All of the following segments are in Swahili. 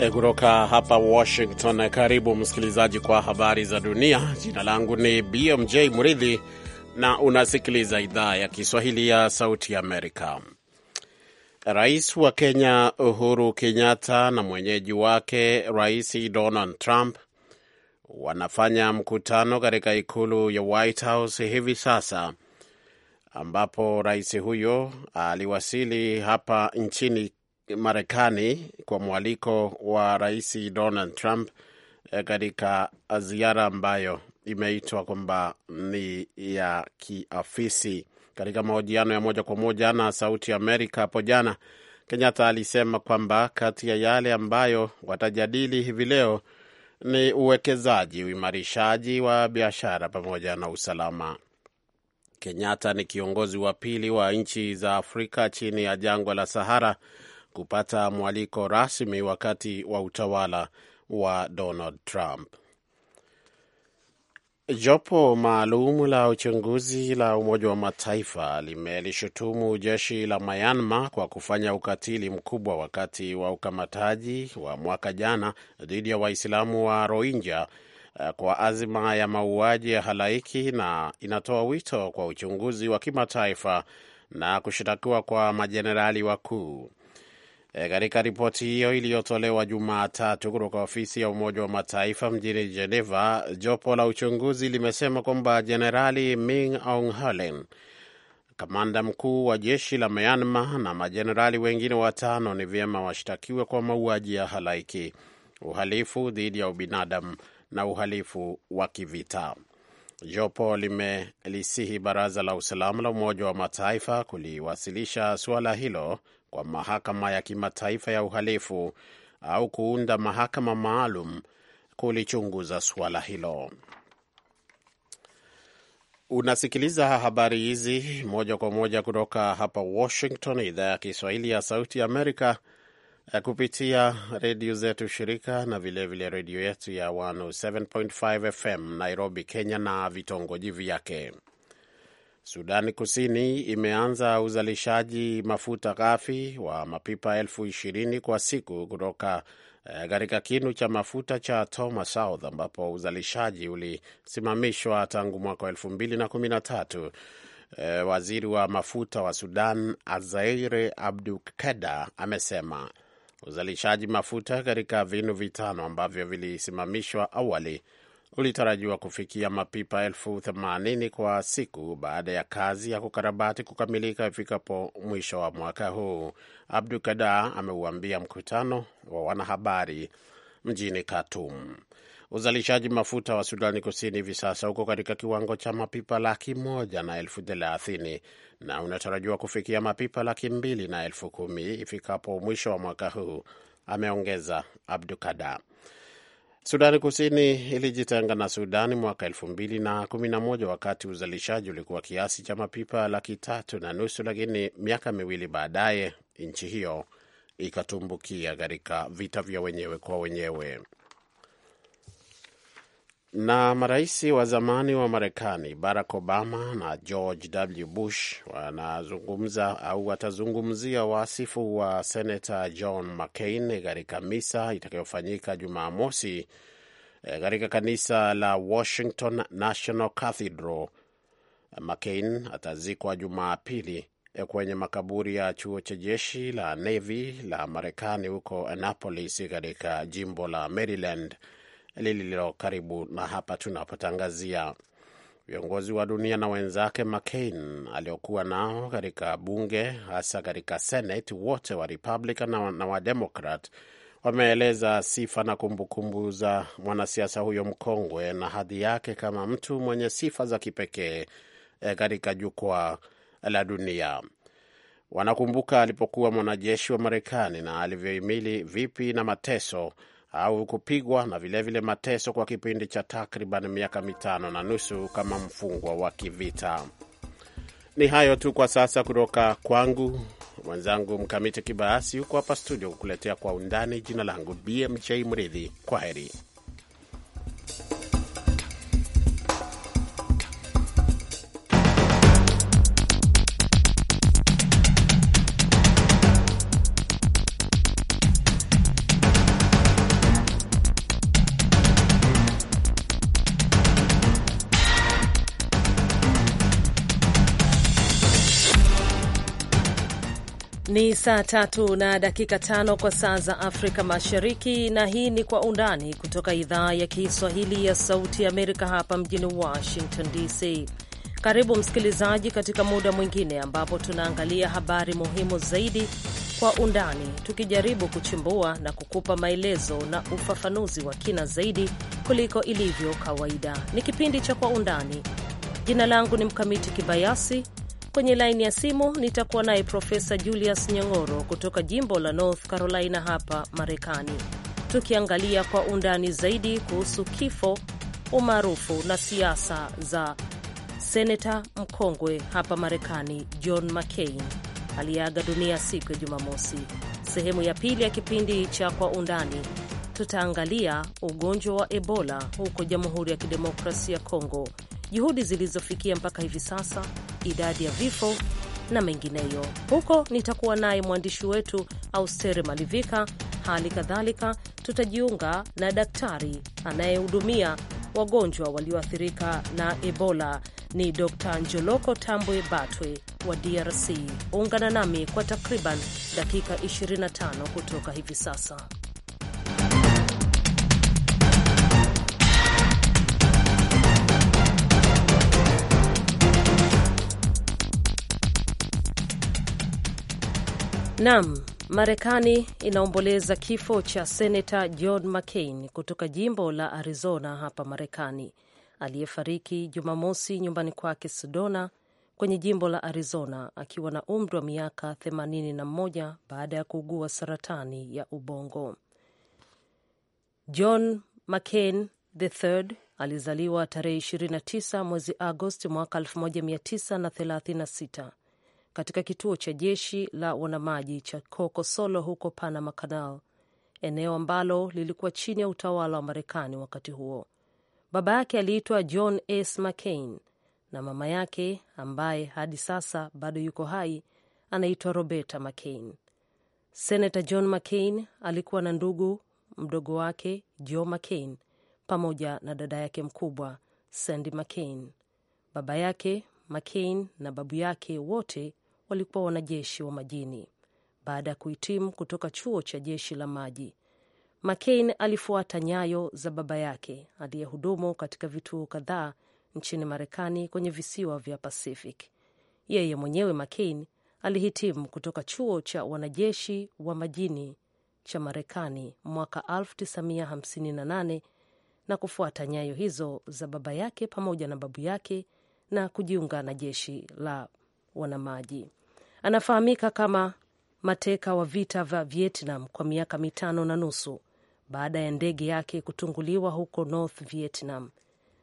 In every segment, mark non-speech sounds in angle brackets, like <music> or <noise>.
Eh, kutoka hapa Washington. Karibu msikilizaji kwa habari za dunia. Jina langu ni BMJ Mridhi na unasikiliza idhaa ya Kiswahili ya Sauti Amerika. Rais wa Kenya Uhuru Kenyatta na mwenyeji wake Rais Donald Trump wanafanya mkutano katika ikulu ya White House hivi sasa ambapo rais huyo aliwasili hapa nchini Marekani kwa mwaliko wa Rais Donald Trump eh, katika ziara ambayo imeitwa kwamba ni ya kiafisi. Katika mahojiano ya moja kwa moja na Sauti Amerika hapo jana, Kenyatta alisema kwamba kati ya yale ambayo watajadili hivi leo ni uwekezaji, uimarishaji wa biashara pamoja na usalama. Kenyatta ni kiongozi wa pili wa nchi za Afrika chini ya jangwa la Sahara kupata mwaliko rasmi wakati wa utawala wa Donald Trump. Jopo maalum la uchunguzi la Umoja wa Mataifa limelishutumu jeshi la Myanmar kwa kufanya ukatili mkubwa wakati wa ukamataji wa mwaka jana dhidi ya Waislamu wa, rohinja Rohingya eh, kwa azima ya mauaji ya halaiki na inatoa wito kwa uchunguzi wa kimataifa na kushitakiwa kwa majenerali wakuu. Eh, katika e, ripoti hiyo iliyotolewa Jumatatu kutoka ofisi ya Umoja wa Mataifa mjini Geneva, jopo la uchunguzi limesema kwamba Jenerali Min Aung Hlaing, kamanda mkuu wa jeshi la Myanmar, na majenerali wengine watano ni vyema washtakiwe kwa mauaji ya halaiki, uhalifu dhidi ya ubinadamu na uhalifu wa kivita. Jopo limelisihi Baraza la Usalama la Umoja wa Mataifa kuliwasilisha suala hilo kwa mahakama ya kimataifa ya uhalifu au kuunda mahakama maalum kulichunguza suala hilo. Unasikiliza habari hizi moja kwa moja kutoka hapa Washington, idhaa ya Kiswahili ya Sauti ya Amerika, eh, kupitia redio zetu shirika na vilevile redio yetu ya 107.5 FM Nairobi, Kenya na vitongoji vyake. Sudani Kusini imeanza uzalishaji mafuta ghafi wa mapipa elfu ishirini kwa siku kutoka eh, katika kinu cha mafuta cha Toma South ambapo uzalishaji ulisimamishwa tangu mwaka wa elfu mbili na kumi na tatu. Eh, waziri wa mafuta wa Sudan Azaire Abdukeda amesema uzalishaji mafuta katika vinu vitano ambavyo vilisimamishwa awali ulitarajiwa kufikia mapipa elfu themanini kwa siku baada ya kazi ya kukarabati kukamilika ifikapo mwisho wa mwaka huu. Abdu Kada ameuambia mkutano wa wanahabari mjini Khartoum. Uzalishaji mafuta wa Sudani Kusini hivi sasa uko katika kiwango cha mapipa laki moja na elfu thelathini na unatarajiwa kufikia mapipa laki mbili na elfu kumi ifikapo mwisho wa mwaka huu, ameongeza Abdu Kada. Sudani Kusini ilijitenga na Sudani mwaka elfu mbili na kumi na moja wakati uzalishaji ulikuwa kiasi cha mapipa laki tatu na nusu, lakini miaka miwili baadaye nchi hiyo ikatumbukia katika vita vya wenyewe kwa wenyewe. Na marais wa zamani wa Marekani Barack Obama na George W. Bush wanazungumza au watazungumzia wasifu wa senata John McCain katika misa itakayofanyika Jumamosi eh, katika kanisa la Washington National Cathedral. McCain atazikwa Jumapili eh, kwenye makaburi ya chuo cha jeshi la Navy la Marekani huko Annapolis katika jimbo la Maryland lililo karibu na hapa tunapotangazia. Viongozi wa dunia na wenzake McCain aliokuwa nao katika bunge, hasa katika Senate, wote wa Republican na Wademokrat wameeleza sifa na kumbukumbu kumbu za mwanasiasa huyo mkongwe na hadhi yake kama mtu mwenye sifa za kipekee eh, katika jukwaa la dunia. Wanakumbuka alipokuwa mwanajeshi wa Marekani na alivyohimili vipi na mateso au kupigwa na vilevile mateso kwa kipindi cha takriban miaka mitano na nusu kama mfungwa wa kivita. Ni hayo tu kwa sasa kutoka kwangu. Mwenzangu Mkamiti Kibayasi huko hapa studio kukuletea kwa undani. Jina langu BMJ Mridhi, kwa heri. Saa tatu na dakika tano kwa saa za Afrika Mashariki, na hii ni Kwa Undani kutoka idhaa ya Kiswahili ya Sauti ya Amerika hapa mjini Washington DC. Karibu msikilizaji, katika muda mwingine ambapo tunaangalia habari muhimu zaidi kwa undani, tukijaribu kuchimbua na kukupa maelezo na ufafanuzi wa kina zaidi kuliko ilivyo kawaida. Ni kipindi cha Kwa Undani. Jina langu ni Mkamiti Kibayasi Kwenye laini ya simu nitakuwa naye Profesa Julius Nyang'oro kutoka jimbo la North Carolina hapa Marekani, tukiangalia kwa undani zaidi kuhusu kifo, umaarufu na siasa za seneta mkongwe hapa Marekani John McCain aliyeaga dunia siku ya Jumamosi. Sehemu ya pili ya kipindi cha Kwa Undani tutaangalia ugonjwa wa Ebola huko Jamhuri ya Kidemokrasia ya Kongo, juhudi zilizofikia mpaka hivi sasa, idadi ya vifo na mengineyo. Huko nitakuwa naye mwandishi wetu Austere Malivika. Hali kadhalika tutajiunga na daktari anayehudumia wagonjwa walioathirika na Ebola ni Dr Njoloko Tambwe Batwe wa DRC. Ungana nami kwa takriban dakika 25 kutoka hivi sasa. Naam, Marekani inaomboleza kifo cha senata John McCain kutoka jimbo la Arizona hapa Marekani, aliyefariki Jumamosi nyumbani kwake Sedona kwenye jimbo la Arizona akiwa na umri wa miaka 81 baada ya kuugua saratani ya ubongo. John McCain III alizaliwa tarehe 29 mwezi Agosti mwaka 1936 katika kituo cha jeshi la wanamaji cha Kokosolo huko Panama Canal, eneo ambalo lilikuwa chini ya utawala wa Marekani wakati huo. Baba yake aliitwa John S. McCain na mama yake ambaye hadi sasa bado yuko hai anaitwa Roberta McCain. Senator John McCain alikuwa na ndugu mdogo wake Joe McCain pamoja na dada yake mkubwa Sandy McCain. Baba yake McCain na babu yake wote walikuwa wanajeshi wa majini baada ya kuhitimu kutoka chuo cha jeshi la maji. McCain alifuata nyayo za baba yake aliyehudumu katika vituo kadhaa nchini Marekani kwenye visiwa vya Pacific. Yeye mwenyewe McCain alihitimu kutoka chuo cha wanajeshi wa majini cha Marekani mwaka 1958 na kufuata nyayo hizo za baba yake pamoja na babu yake na kujiunga na jeshi la wanamaji. Anafahamika kama mateka wa vita vya Vietnam kwa miaka mitano na nusu baada ya ndege yake kutunguliwa huko North Vietnam,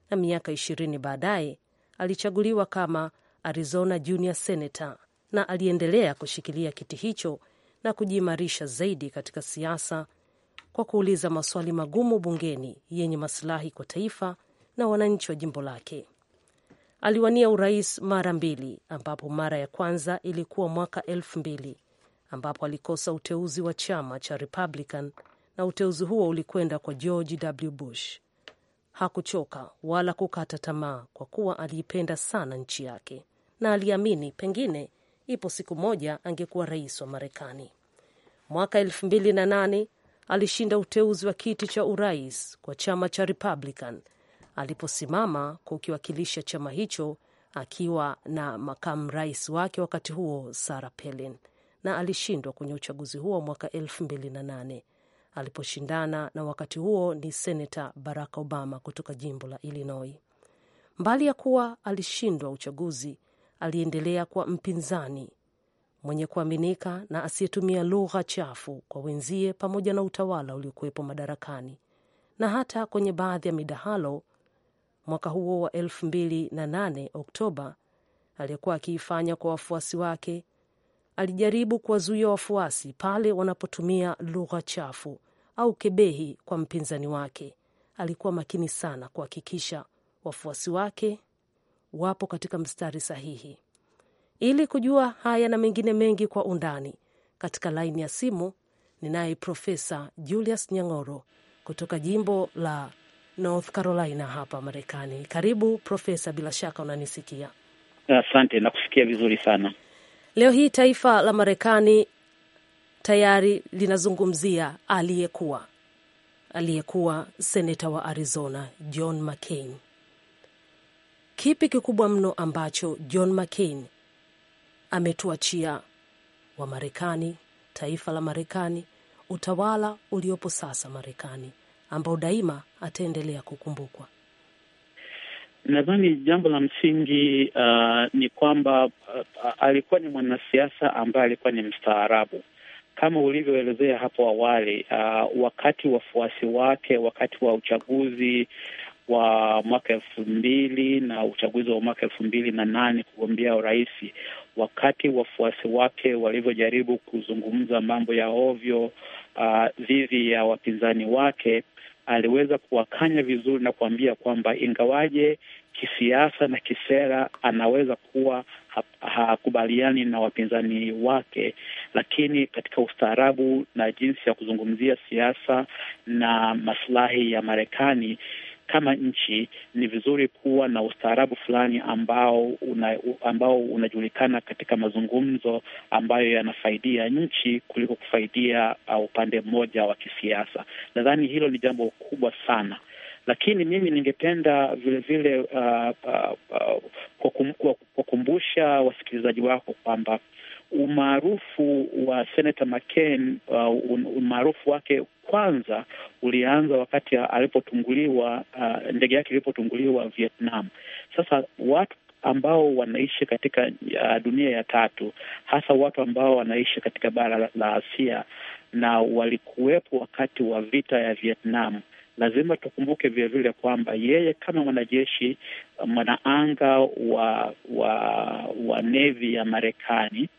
na miaka ishirini baadaye alichaguliwa kama Arizona Junior Senator na aliendelea kushikilia kiti hicho na kujiimarisha zaidi katika siasa kwa kuuliza maswali magumu bungeni yenye masilahi kwa taifa na wananchi wa jimbo lake aliwania urais mara mbili, ambapo mara ya kwanza ilikuwa mwaka elfu mbili ambapo alikosa uteuzi wa chama cha Republican na uteuzi huo ulikwenda kwa George W. Bush. Hakuchoka wala kukata tamaa, kwa kuwa aliipenda sana nchi yake na aliamini pengine ipo siku moja angekuwa rais wa Marekani. Mwaka nane alishinda uteuzi wa kiti cha urais kwa chama cha Republican aliposimama kukiwakilisha chama hicho akiwa na makamu rais wake wakati huo Sarah Palin, na alishindwa kwenye uchaguzi huo mwaka 2008 aliposhindana na wakati huo ni senata Barack Obama kutoka jimbo la Illinois. Mbali ya kuwa alishindwa uchaguzi, aliendelea kwa mpinzani mwenye kuaminika na asiyetumia lugha chafu kwa wenzie pamoja na utawala uliokuwepo madarakani, na hata kwenye baadhi ya midahalo mwaka huo wa 2008 Oktoba, aliyekuwa akiifanya kwa wafuasi wake. Alijaribu kuwazuia wafuasi pale wanapotumia lugha chafu au kebehi kwa mpinzani wake. Alikuwa makini sana kuhakikisha wafuasi wake wapo katika mstari sahihi. Ili kujua haya na mengine mengi kwa undani, katika laini ya simu ninaye Profesa Julius Nyang'oro kutoka jimbo la North Carolina hapa Marekani. Karibu Profesa, bila shaka unanisikia? Asante, nakusikia vizuri sana. Leo hii taifa la Marekani tayari linazungumzia aliyekuwa aliyekuwa seneta wa Arizona John McCain. Kipi kikubwa mno ambacho John McCain ametuachia wa marekani taifa la Marekani, utawala uliopo sasa Marekani? ambao daima ataendelea kukumbukwa? Nadhani jambo la msingi uh, ni kwamba uh, alikuwa ni mwanasiasa ambaye alikuwa ni mstaarabu kama ulivyoelezea hapo awali. Uh, wakati wafuasi wake wakati wa uchaguzi wa mwaka elfu mbili na uchaguzi wa mwaka elfu mbili na nane kugombea urais, wakati wafuasi wake walivyojaribu kuzungumza mambo ya ovyo uh, dhidi uh, ya wapinzani wake aliweza kuwakanya vizuri na kuambia kwamba ingawaje kisiasa na kisera anaweza kuwa hakubaliani na wapinzani wake, lakini katika ustaarabu na jinsi ya kuzungumzia siasa na maslahi ya Marekani kama nchi ni vizuri kuwa na ustaarabu fulani ambao una, ambao unajulikana katika mazungumzo ambayo yanafaidia nchi kuliko kufaidia uh, upande mmoja wa kisiasa. Nadhani hilo ni jambo kubwa sana, lakini mimi ningependa vilevile uh, uh, uh, kuwakumbusha wasikilizaji wako kwamba umaarufu wa Senator McCain uh, umaarufu wake kwanza ulianza wakati alipotunguliwa uh, ndege yake ilipotunguliwa Vietnam. Sasa watu ambao wanaishi katika uh, dunia ya tatu, hasa watu ambao wanaishi katika bara la, la Asia na walikuwepo wakati wa vita ya Vietnam. Lazima tukumbuke vilevile kwamba yeye kama mwanajeshi mwanaanga wa wa, wa nevi ya Marekani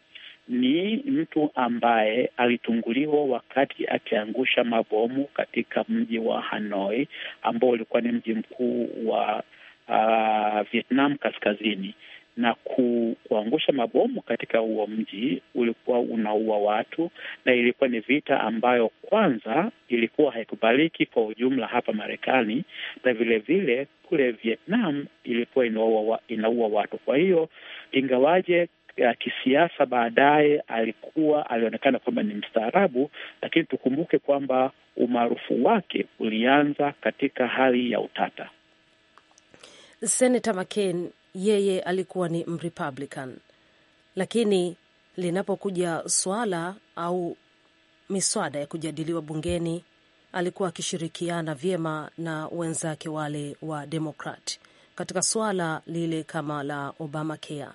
ni mtu ambaye alitunguliwa wakati akiangusha mabomu katika mji wa Hanoi ambao ulikuwa ni mji mkuu wa uh, Vietnam kaskazini na ku, kuangusha mabomu katika huo mji ulikuwa unaua watu, na ilikuwa ni vita ambayo kwanza ilikuwa haikubaliki kwa ujumla hapa Marekani, na vilevile vile, kule Vietnam ilikuwa inaua, inaua watu. Kwa hiyo ingawaje ya kisiasa baadaye alikuwa alionekana kwamba ni mstaarabu, lakini tukumbuke kwamba umaarufu wake ulianza katika hali ya utata. Senata McCain yeye alikuwa ni Mrepublican, lakini linapokuja swala au miswada ya kujadiliwa bungeni alikuwa akishirikiana vyema na wenzake wale wa Demokrat katika swala lile kama la Obamacare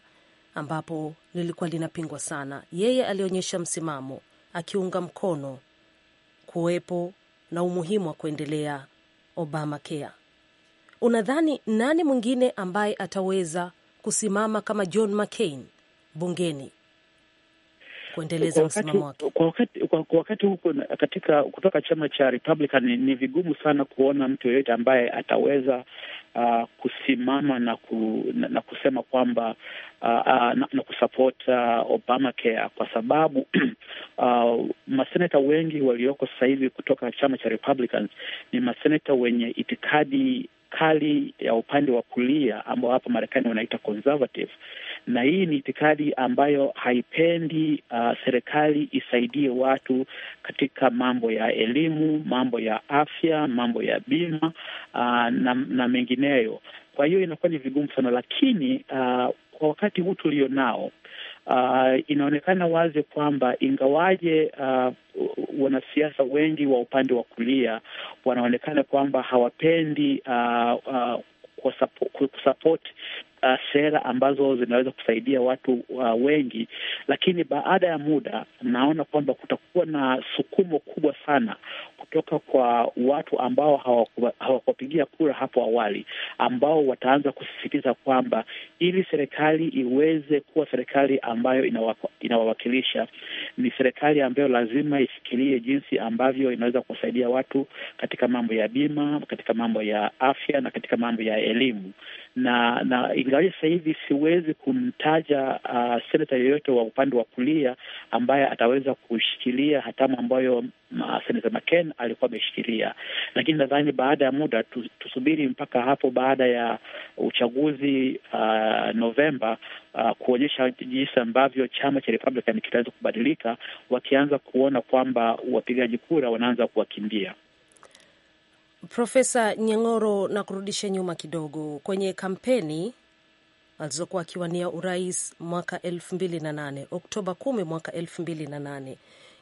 ambapo lilikuwa linapingwa sana. Yeye alionyesha msimamo akiunga mkono kuwepo na umuhimu wa kuendelea Obamacare. Unadhani nani mwingine ambaye ataweza kusimama kama John McCain bungeni kuendeleza msimamo wake kwa wakati, kwa, kwa wakati huko katika kutoka chama cha Republican ni, ni vigumu sana kuona mtu yeyote ambaye ataweza uh, kusimama na, ku, na, na kusema kwamba uh, uh, na, na kusapota uh, Obamacare kwa sababu <clears throat> uh, maseneta wengi walioko sasa hivi kutoka chama cha Republicans ni maseneta wenye itikadi kali ya upande wa kulia ambao hapa Marekani wanaita conservative, na hii ni itikadi ambayo haipendi uh, serikali isaidie watu katika mambo ya elimu, mambo ya afya, mambo ya bima uh, na, na mengineyo. Kwa hiyo inakuwa ni vigumu sana, lakini uh, kwa wakati huu tulionao uh, inaonekana wazi kwamba ingawaje uh, wanasiasa wengi wa upande wa kulia wanaonekana kwamba hawapendi uh, uh, kusapoti uh, sera ambazo zinaweza kusaidia watu uh, wengi, lakini baada ya muda naona kwamba kutakuwa na sukumo kubwa sana kutoka kwa watu ambao hawakuwapigia kura hapo awali, ambao wataanza kusisitiza kwamba ili serikali iweze kuwa serikali ambayo inawawakilisha, ni serikali ambayo lazima ifikirie jinsi ambavyo inaweza kuwasaidia watu katika mambo ya bima, katika mambo ya afya na katika mambo ya elimu na na ingawaji sasa hivi siwezi kumtaja uh, senata yoyote wa upande wa kulia ambaye ataweza kushikilia hatamu ambayo uh, senata McCain alikuwa ameshikilia, lakini nadhani baada ya muda tu, tusubiri mpaka hapo baada ya uchaguzi uh, Novemba uh, kuonyesha jinsi ambavyo chama cha Republican kitaweza kubadilika, wakianza kuona kwamba wapigaji kura wanaanza kuwakimbia. Profesa Nyang'oro, na kurudisha nyuma kidogo kwenye kampeni alizokuwa akiwania urais mwaka elfu mbili na nane Oktoba kumi mwaka elfu mbili na nane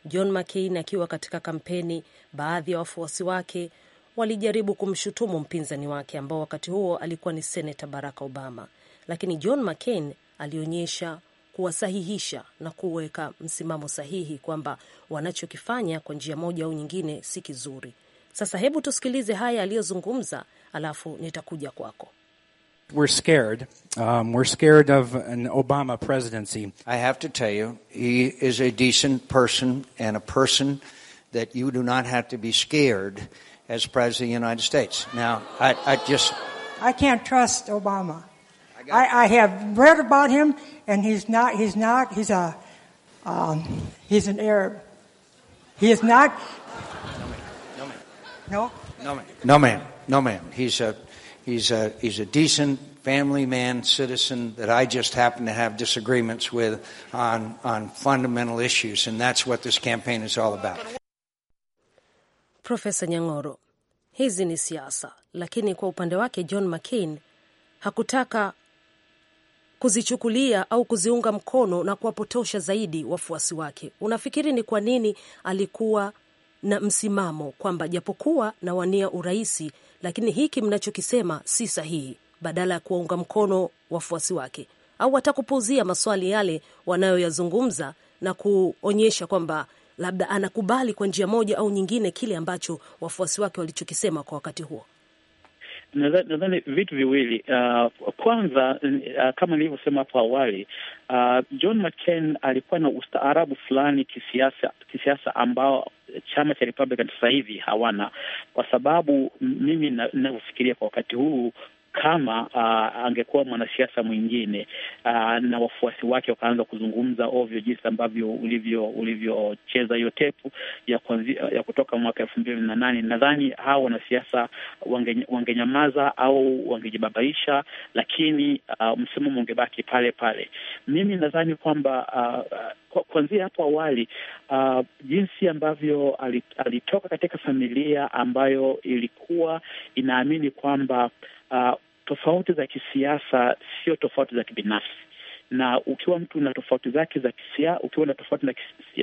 John McCain akiwa katika kampeni, baadhi ya wa wafuasi wake walijaribu kumshutumu mpinzani wake ambao wakati huo alikuwa ni senata Barack Obama, lakini John McCain alionyesha kuwasahihisha na kuweka msimamo sahihi kwamba wanachokifanya kwa njia moja au nyingine si kizuri. Sasa hebu tusikilize haya aliyozungumza, alafu nitakuja kwako. We're scared. Um, we're scared of an Obama presidency. I have to tell you, he is a decent person and a person that you do not have to be scared as president of the United States. Now, I, I just. I can't trust Obama. I, I, I, have read about him, and he's not, he's not, he's a, um, he's an Arab. He is not, No? No ma'am. No ma'am. No ma'am. He's a, he's a, he's a decent family man, citizen that I just happen to have disagreements with on, on fundamental issues. And that's what this campaign is all about. Profesa Nyang'oro, hizi ni siasa, lakini kwa upande wake John McCain hakutaka kuzichukulia au kuziunga mkono na kuwapotosha zaidi wafuasi wake. Unafikiri ni kwa nini alikuwa na msimamo kwamba japokuwa nawania uraisi, lakini hiki mnachokisema si sahihi, badala ya kuwaunga mkono wafuasi wake au hata maswali yale wanayoyazungumza na kuonyesha kwamba labda anakubali kwa njia moja au nyingine kile ambacho wafuasi wake walichokisema kwa wakati huo nadhani vitu viwili. Uh, kwanza uh, kama nilivyosema hapo awali uh, John McCain alikuwa na ustaarabu fulani kisiasa, kisiasa ambao chama cha Republican sasa hivi hawana, kwa sababu mimi ninavyofikiria kwa wakati huu kama uh, angekuwa mwanasiasa mwingine uh, na wafuasi wake wakaanza kuzungumza ovyo jinsi ambavyo ulivyocheza ulivyo hiyo tepu ya, ya kutoka mwaka elfu mbili na nane, nadhani hawa wanasiasa wange, wangenyamaza au wangejibabaisha, lakini uh, ah, msimamo ungebaki pale pale. Mimi nadhani kwamba uh, kuanzia hapo awali uh, jinsi ambavyo alitoka katika familia ambayo ilikuwa inaamini kwamba tofauti za kisiasa sio tofauti za kibinafsi. na ukiwa mtu na tofauti zake za kisia, ukiwa na tofauti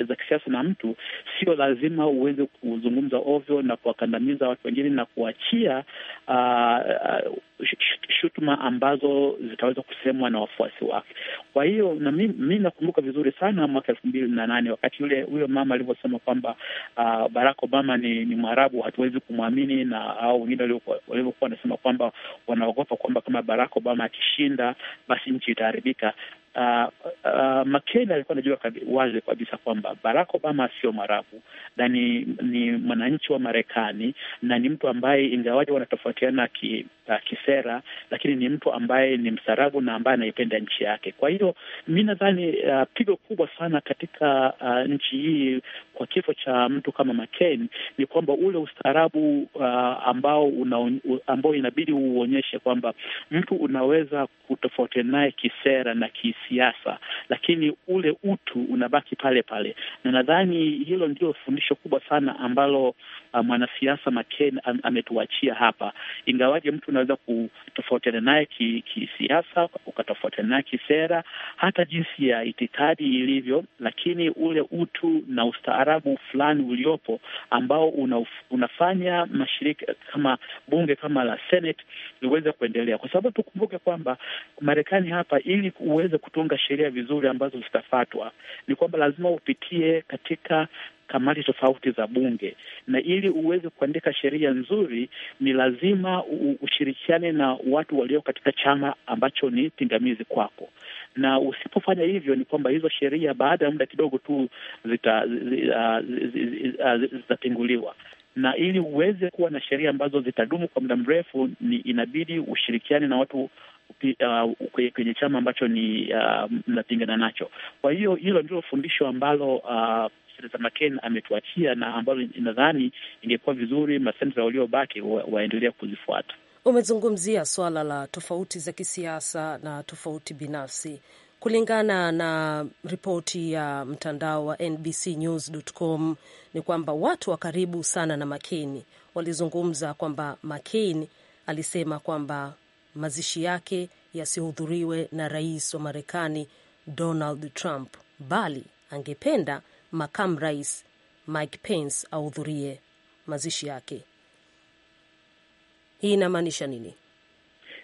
za kisiasa na mtu, sio lazima uweze kuzungumza ovyo na kuwakandamiza watu wengine na kuachia uh, shutuma ambazo zitaweza kusemwa na wafuasi wake. Kwa hiyo na mi, mi nakumbuka vizuri sana mwaka elfu mbili na nane wakati yule huyo mama alivyosema kwamba uh, Barack Obama ni, ni Mwarabu, hatuwezi kumwamini na au wengine walivyokuwa wanasema kwamba wanaogopa kwamba kama Barack Obama akishinda basi nchi itaharibika. Uh, uh, McCain alikuwa anajua wazi kabisa kwamba Barack Obama sio Mwarabu na ni, ni mwananchi wa Marekani na ni mtu ambaye ingawaje wanatofautiana ki, uh, kisera, lakini ni mtu ambaye ni mstaarabu na ambaye anaipenda nchi yake. Kwa hiyo mi nadhani uh, pigo kubwa sana katika uh, nchi hii kwa kifo cha mtu kama McCain ni kwamba ule ustaarabu uh, ambao una, ambao inabidi uonyeshe kwamba mtu unaweza kutofautiana naye kisera na kisiasa, lakini ule utu unabaki pale pale, na nadhani hilo ndio fundisho kubwa sana ambalo uh, mwanasiasa McCain am, ametuachia hapa, ingawaje mtu unaweza kutofautiana naye kisiasa, ukatofautiana naye kisera, hata jinsi ya itikadi ilivyo, lakini ule utu na ustaarabu ustaarabu fulani uliopo ambao una, unafanya mashirika kama bunge kama la Senate liweze kuendelea, kwa sababu tukumbuke kwamba Marekani hapa, ili uweze kutunga sheria vizuri ambazo zitafatwa, ni kwamba lazima upitie katika kamati tofauti za bunge, na ili uweze kuandika sheria nzuri ni lazima ushirikiane na watu walio katika chama ambacho ni pingamizi kwako na usipofanya hivyo ni kwamba hizo sheria baada ya muda kidogo tu zitapinguliwa zita, zita, zita na ili uweze kuwa na sheria ambazo zitadumu kwa muda mrefu ni inabidi ushirikiane na watu uh, kwenye chama ambacho ni uh, mnapingana nacho. Kwa hiyo hilo ndilo fundisho ambalo uh, Maken ametuachia na ambalo nadhani ingekuwa vizuri masenta waliobaki waendelea kuzifuata umezungumzia swala la tofauti za kisiasa na tofauti binafsi. Kulingana na ripoti ya mtandao wa NBCnews.com ni kwamba watu wa karibu sana na McCain walizungumza kwamba McCain alisema kwamba mazishi yake yasihudhuriwe na rais wa Marekani Donald Trump, bali angependa makamu rais Mike Pence ahudhurie mazishi yake. Hii inamaanisha nini?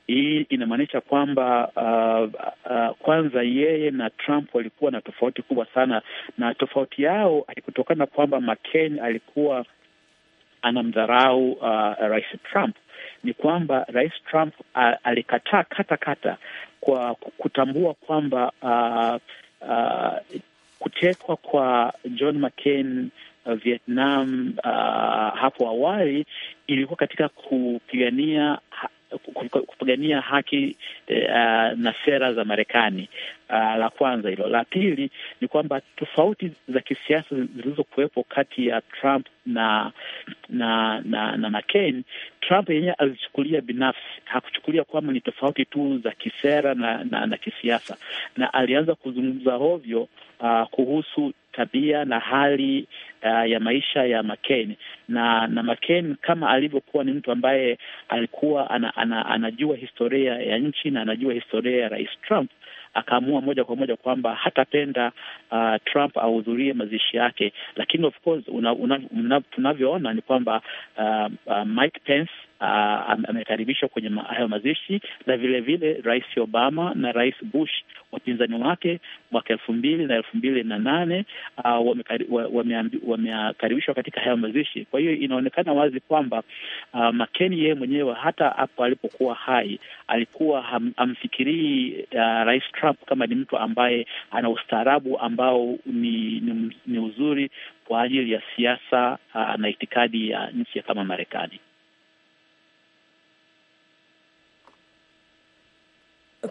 Hii inamaanisha kwamba uh, uh, kwanza yeye na Trump walikuwa na tofauti kubwa sana, na tofauti yao alikutokana kwamba McCain alikuwa anamdharau uh, Rais Trump. Ni kwamba Rais Trump uh, alikataa kata kata kwa kutambua kwamba uh, uh, kutekwa kwa John McCain Uh, Vietnam uh, hapo awali ilikuwa katika kupigania kupigania haki eh, uh, na sera za Marekani. Uh, la kwanza hilo. La pili ni kwamba tofauti za kisiasa zilizokuwepo kati ya Trump na na na, na McCain, Trump yenyewe alichukulia binafsi, hakuchukulia kwamba ni tofauti tu za kisera na, na, na kisiasa, na alianza kuzungumza hovyo uh, kuhusu tabia na hali uh, ya maisha ya McCain na na McCain kama alivyokuwa ni mtu ambaye alikuwa ana, ana, anajua historia ya nchi na anajua historia ya Rais Trump akaamua moja kwa moja kwamba hatapenda uh, Trump ahudhurie mazishi yake, lakini of course tunavyoona ni kwamba uh, uh, Mike Pence Uh, amekaribishwa kwenye hayo mazishi, na vilevile Rais Obama na Rais Bush wapinzani wake mwaka elfu mbili na elfu mbili na nane uh, wamekaribishwa katika hayo mazishi. Kwa hiyo inaonekana wazi kwamba uh, Makeni yeye mwenyewe hata hapo alipokuwa hai alikuwa ham, hamfikirii uh, Rais Trump kama ni mtu ambaye ana ustaarabu ambao ni, ni, ni uzuri kwa ajili ya siasa uh, na itikadi ya nchi kama Marekani.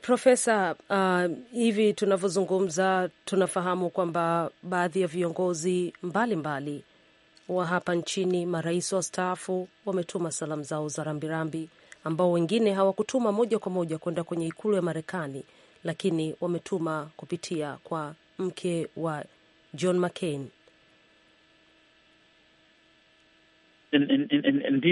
Profesa, uh, hivi tunavyozungumza tunafahamu kwamba baadhi ya viongozi mbalimbali wa hapa nchini, marais wastaafu, wametuma salamu zao za rambirambi, ambao wengine hawakutuma moja kwa moja kwenda kwenye ikulu ya Marekani, lakini wametuma kupitia kwa mke wa John McCain.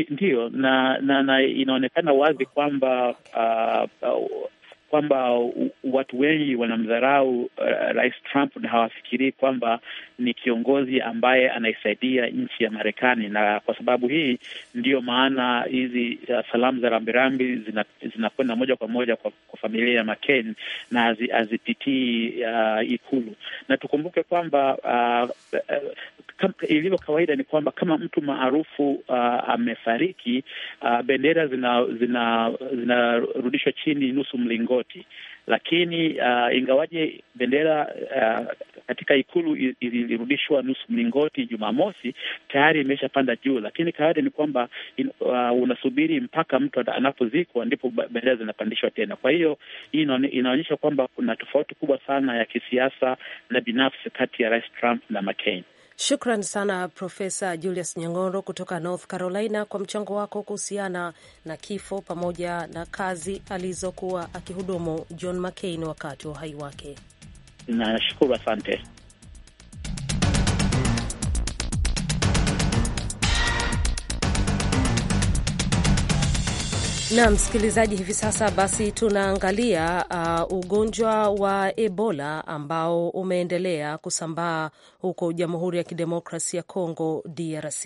Ndiyo, na, na, na inaonekana wazi kwamba uh, uh, kwamba watu wengi wanamdharau uh, Rais Trump na hawafikirii kwamba ni kiongozi ambaye anaisaidia nchi ya Marekani, na kwa sababu hii ndiyo maana hizi uh, salamu za rambirambi zinakwenda zina moja kwa moja kwa, kwa familia ya McCain na hazipitii uh, Ikulu. Na tukumbuke kwamba uh, uh, kam, ilivyo kawaida ni kwamba kama mtu maarufu uh, amefariki, uh, bendera zinarudishwa zina, zina chini nusu mlingoti tofauti, lakini uh, ingawaje bendera uh, katika ikulu ilirudishwa nusu mlingoti Jumamosi, tayari imeshapanda juu, lakini kawaida ni kwamba uh, unasubiri mpaka mtu anapozikwa ndipo bendera zinapandishwa tena. Kwa hiyo hii inaonyesha kwamba kuna tofauti kubwa sana ya kisiasa na binafsi kati ya Rais Trump na McCain. Shukran sana Profesa Julius Nyang'oro kutoka North Carolina kwa mchango wako kuhusiana na kifo pamoja na kazi alizokuwa akihudumu John McCain wakati wa uhai wake. Nashukuru, asante. Na msikilizaji, hivi sasa basi tunaangalia uh, ugonjwa wa Ebola ambao umeendelea kusambaa huko Jamhuri ya Kidemokrasia ya Kongo DRC.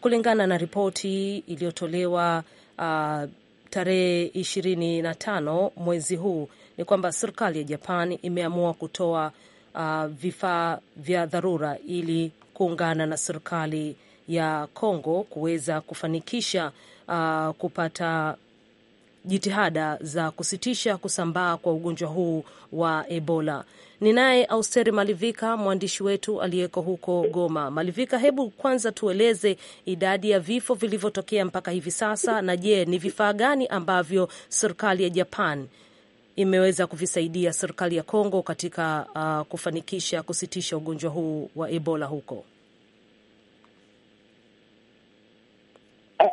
Kulingana na ripoti iliyotolewa uh, tarehe 25 mwezi huu ni kwamba serikali ya Japan imeamua kutoa uh, vifaa vya dharura ili kuungana na serikali ya Kongo kuweza kufanikisha uh, kupata jitihada za kusitisha kusambaa kwa ugonjwa huu wa Ebola. Ni naye Austeri Malivika, mwandishi wetu aliyeko huko Goma. Malivika, hebu kwanza tueleze idadi ya vifo vilivyotokea mpaka hivi sasa, na je, ni vifaa gani ambavyo serikali ya Japan imeweza kuvisaidia serikali ya Kongo katika uh, kufanikisha kusitisha ugonjwa huu wa Ebola huko?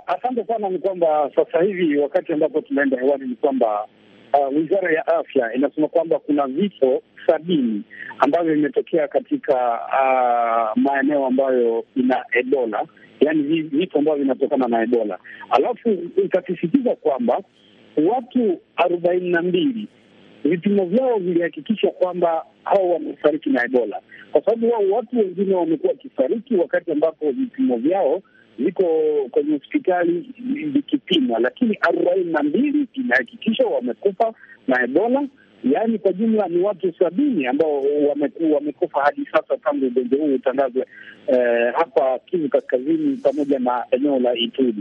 Asante sana. Ni kwamba sasa hivi wakati ambapo tunaenda hewani ni kwamba uh, wizara ya afya inasema kwamba kuna vifo sabini ambavyo vimetokea katika uh, maeneo ambayo ina Ebola, yaani vifo ambavyo vinatokana na Ebola, alafu ikasisitiza kwamba watu arobaini na mbili vipimo vyao vilihakikisha kwamba hao wamefariki na Ebola, kwa sababu wao watu wengine wamekuwa wakifariki wakati ambapo vipimo vyao liko kwenye hospitali likipimwa, lakini arobaini na mbili imehakikisha wamekufa na Ebola. Yaani kwa jumla ni watu sabini ambao wamekufa hadi sasa tangu ugonjwa huu utangazwe eh, hapa Kivu Kaskazini pamoja na eneo la Ituri.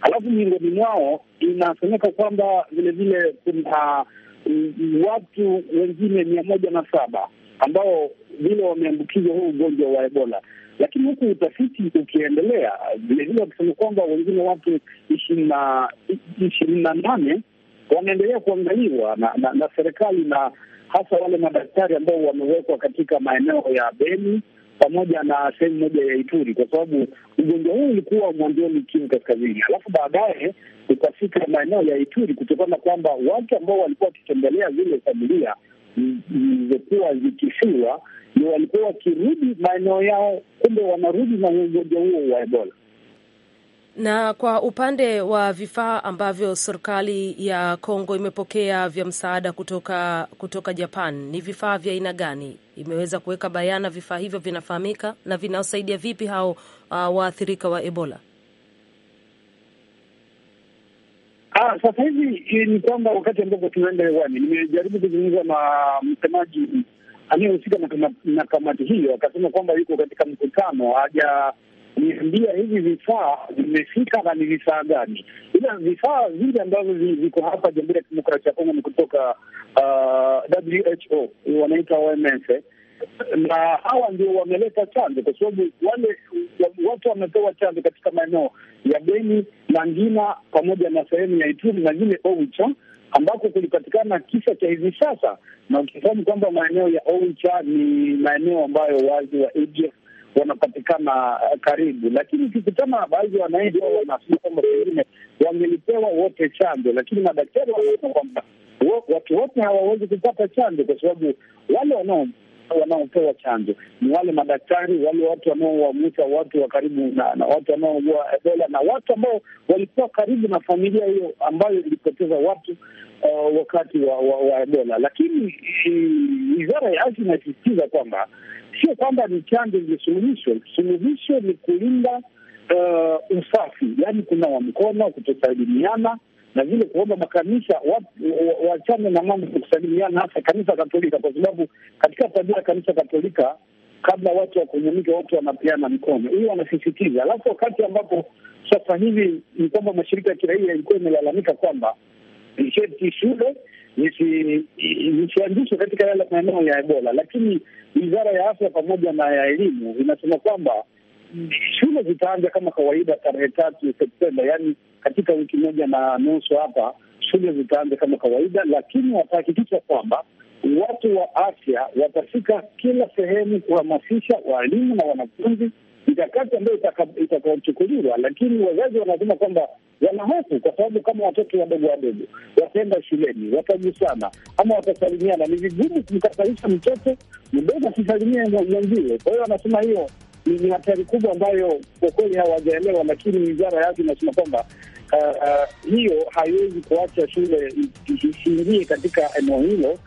Alafu miongoni mwao inasemeka kwamba vilevile kuna mm, watu wengine mia moja na saba ambao vile wameambukizwa huu ugonjwa wa Ebola. Lakini huku utafiti ukiendelea vilevile, wakisema kwamba wengine watu ishirini na ishirini na nane wanaendelea kuangaliwa na, na, na serikali na hasa wale madaktari ambao wamewekwa katika maeneo ya Beni pamoja na sehemu moja ya Ituri, kwa sababu ugonjwa huu ulikuwa mwanzoni Kivu Kaskazini, alafu baadaye ukafika maeneo ya Ituri kutokana na kwamba watu ambao walikuwa wakitembelea zile familia zilizokuwa zikifiwa ndio walikuwa wakirudi maeneo yao, kumbe wanarudi na ugonjwa huo wa Ebola. Na kwa upande wa vifaa ambavyo serikali ya Kongo imepokea vya msaada kutoka kutoka Japan, ni vifaa vya aina gani? Imeweza kuweka bayana vifaa hivyo vinafahamika na vinasaidia vipi hao uh, waathirika wa Ebola? Ah, sasa hivi eh, ni kwamba wakati ambapo tunaenda hewani, nimejaribu kuzungumza na msemaji anayehusika na kamati hiyo, akasema kwamba yuko katika mkutano, hajaniambia hivi vifaa vimefika na ni vifaa gani, ila vifaa vingi ambavyo viko hapa Jamhuri ya Kidemokrasia ya Kongo ni kutoka uh, ah, WHO wanaita OMS na hawa ndio wameleta chanjo, kwa sababu wale watu wamepewa chanjo katika maeneo ya Beni na Ngina pamoja na sehemu ya Ituri na vile Oicha ambako kulipatikana kisa cha hivi sasa, na ukifahamu kwamba maeneo ya Oicha ni maeneo ambayo wazi wa ADF wanapatikana eh, karibu, lakini ukikutana baadhi ya wananchi wao wanasema kwamba pengine wangelipewa wote chanjo, lakini madaktari wanasema kwamba watu wote hawawezi kupata chanjo kwa sababu wale wanao wanaopewa chanjo ni wale madaktari, wale watu wanaowagusa watu wa karibu na, na watu wanaougua Ebola na watu ambao walikuwa karibu na familia hiyo ambayo ilipoteza watu uh, wakati wa, wa, wa Ebola. Lakini eh, wizara ya afya inasisitiza kwamba sio kwamba ni chanjo ndio suluhisho. Suluhisho ni kulinda uh, usafi, yaani kunawa mkono kutosalimiana na vile kuomba makanisa wachane na mambo ya kusalimiana, hasa kanisa Katolika, kwa sababu katika tabia ya kanisa Katolika, kabla watu wakunyamike, watu wanapeana mikono, hiyo wanasisitiza. Alafu wakati ambapo sasa hivi ni kwamba mashirika ya kiraia ilikuwa imelalamika kwamba sherti shule zisianzishwe katika yale maeneo ya Ebola, lakini wizara ya afya pamoja na ya elimu inasema kwamba shule zitaanza kama kawaida tarehe tatu Septemba, yani katika wiki moja na nusu hapa shule zitaanza kama kawaida, lakini watahakikisha kwamba watu wa afya watafika kila sehemu kuhamasisha waalimu na wanafunzi mikakati ambayo itakaochukuliwa. Lakini wazazi wanasema kwamba wanahofu, kwa sababu kama watoto wadogo wadogo wataenda shuleni, watagusana ama watasalimiana, ni vigumu kumkatarisha mtoto mdogo asisalimia mwenziwe. Kwa hiyo wanasema hiyo ni hatari kubwa ambayo kwa kweli hawajaelewa, lakini wizara ya afya inasema kwamba uh, hiyo haiwezi kuacha shule isiingie katika eneo hilo.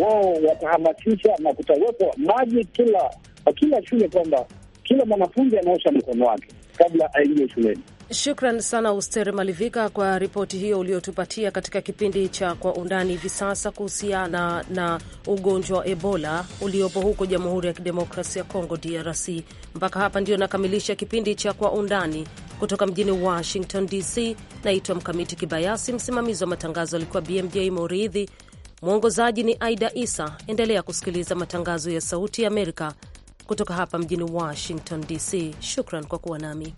Wao watahamasisha na kutawekwa maji kila kila shule, kwamba kila mwanafunzi anaosha mkono wake kabla aingie shuleni. Shukran sana Ustere Malivika kwa ripoti hiyo uliotupatia katika kipindi cha Kwa Undani hivi sasa kuhusiana na ugonjwa wa Ebola uliopo huko Jamhuri ya Kidemokrasia ya Kongo, DRC. Mpaka hapa ndio nakamilisha kipindi cha Kwa Undani kutoka mjini Washington DC. Naitwa Mkamiti Kibayasi, msimamizi wa matangazo alikuwa BMJ Moridhi, mwongozaji ni Aida Isa. Endelea kusikiliza matangazo ya Sauti ya Amerika kutoka hapa mjini Washington DC. Shukran kwa kuwa nami.